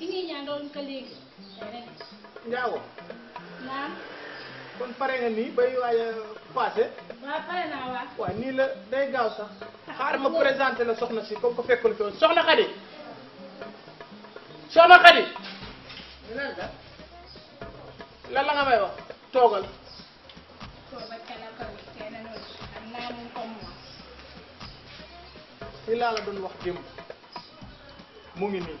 ini ñaan ka léegi njaago naam kon pare nga nii bay waaj a passé waaw pare la day gaaw sax ah, xaar ma présenté la soxna si comme ko fekkul fi woon soxna Xadi soxna Xadi lan la nga may wax toogal li laa la doon wax démb mu ngi nii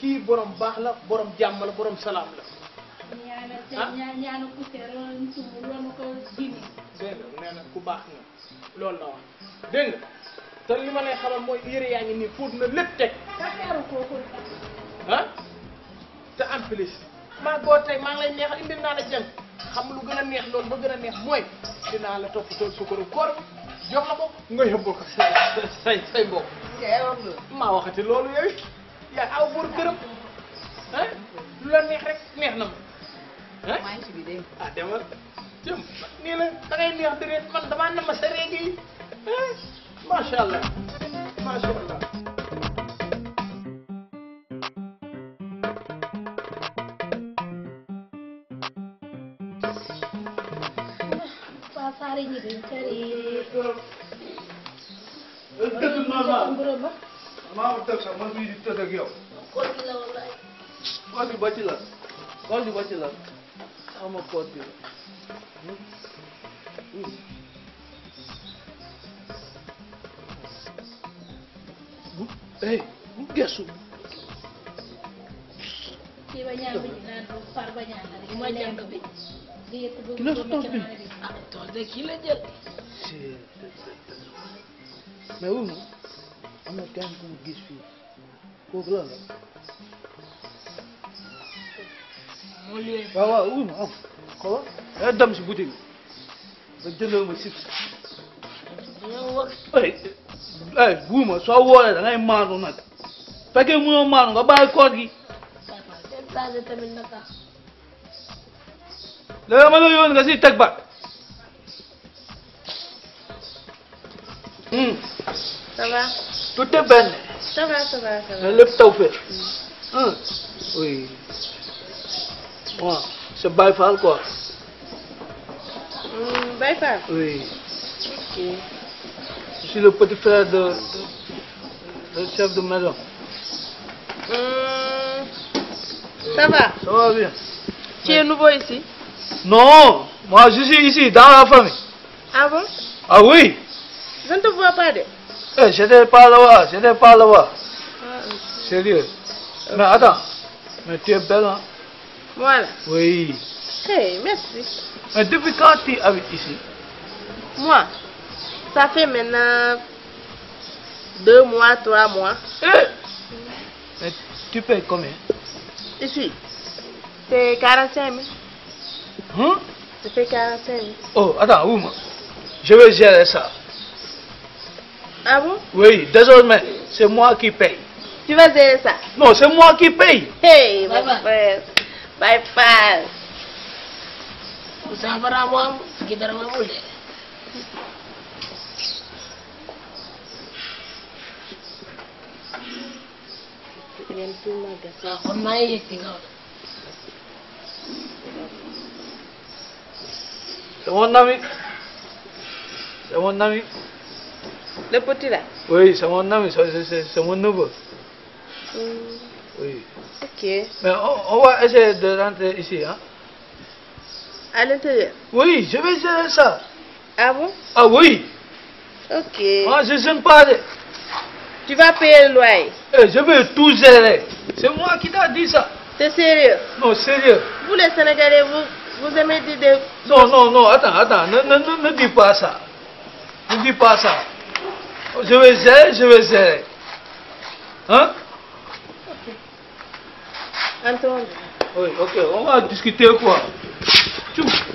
kii borom baax la boroom jàmm la borom salaam la. ñaanal ah? ñaan ñaanu poussière baax na loolu la ma lay mooy yëre yaa ngi nii fóot na lépp teg. affaire kooku ah? te en plus maa boo tey xam lu gën a neex loolu ba gën a neex mooy dinaa la toppatoo suukaru koor jox la ko nga yóbbu ko say say say maa waxati loolu yooyu. jaar aw buur gërëm ah lu la neex rek neex na ma ah. maa ngi si bi dégg ah demal nii la da ngay neex dëgg man damaa nama sa réeg yi ah macha allah macha maa ko tëgg sax man mii di tëdd ak yow. koot bi la wala ay. koot ba ci la. koot ba ci la. xam nga koot bi la. bu eh bu gëstu. kii ba ñaar ma ñàkk am na kenn ku mu gis fii kooku lan la. waaw waaw wuy ma am xoolal da eh, dem si boutique bi nga jëndal ma eh, eh, ma soo wooree da ngay maanu nag fekkee mënoo maanu nga bàyyi koor gi. léegi ma la yoon nga si teg ba. ça va. tout est benn. ça va ça va ça va. lépp tawfeex. ah oui waaw c'est Baye Fall quoi. Baye Fall. oui. ok. je suis le de de chef de maison. ça va. ça va bien. tu es non moi je suis ici dans la famille. ah bon. ah oui. je ne te vois Evet şeyde pahlava, şeyde pahlava. Sérieux. Mais attends, mais tu es belle, hein? Voilà. Oui. Hey, merci. Mais depuis quand tu habites ici? Moi, ça fait maintenant deux mois, trois mois. Hey! Mais tu payes combien? Ici, c'est 45 000. Hein? Ça fait 45 000. Oh, attends, où moi? Je vais gérer ça. Ah bon Oui, désormais, c'est moi qui paye. Tu vas gérer ça Non, c'est moi qui paye. Hey, bye bye. Bye bye. Usahara mom, gidara mom de. Ngeen ci magal. Waaw kon maa ngi yëg ci kaw. C'est mon ami. C'est mon ami. Le petit là Oui, c'est mon ami, c'est mon neveu. Mmh. Oui. Ok. Mais on, on, va essayer de rentrer ici. Hein? À l'intérieur Oui, je vais essayer a Ah bon Ah je ne pas. Tu vas payer le loyer eh, Je vais tout gérer. C'est moi qui t'ai dit ça. T'es Non, sérieux. Vous les vous, vous aimez dire des... Non, non, non, attends, attends, ne, ne, ne, ne dis pas ça. Ne je vais gérer, je vais gérer. Hein? Entendu. Oui, ok, on va discuter quoi. Tchou.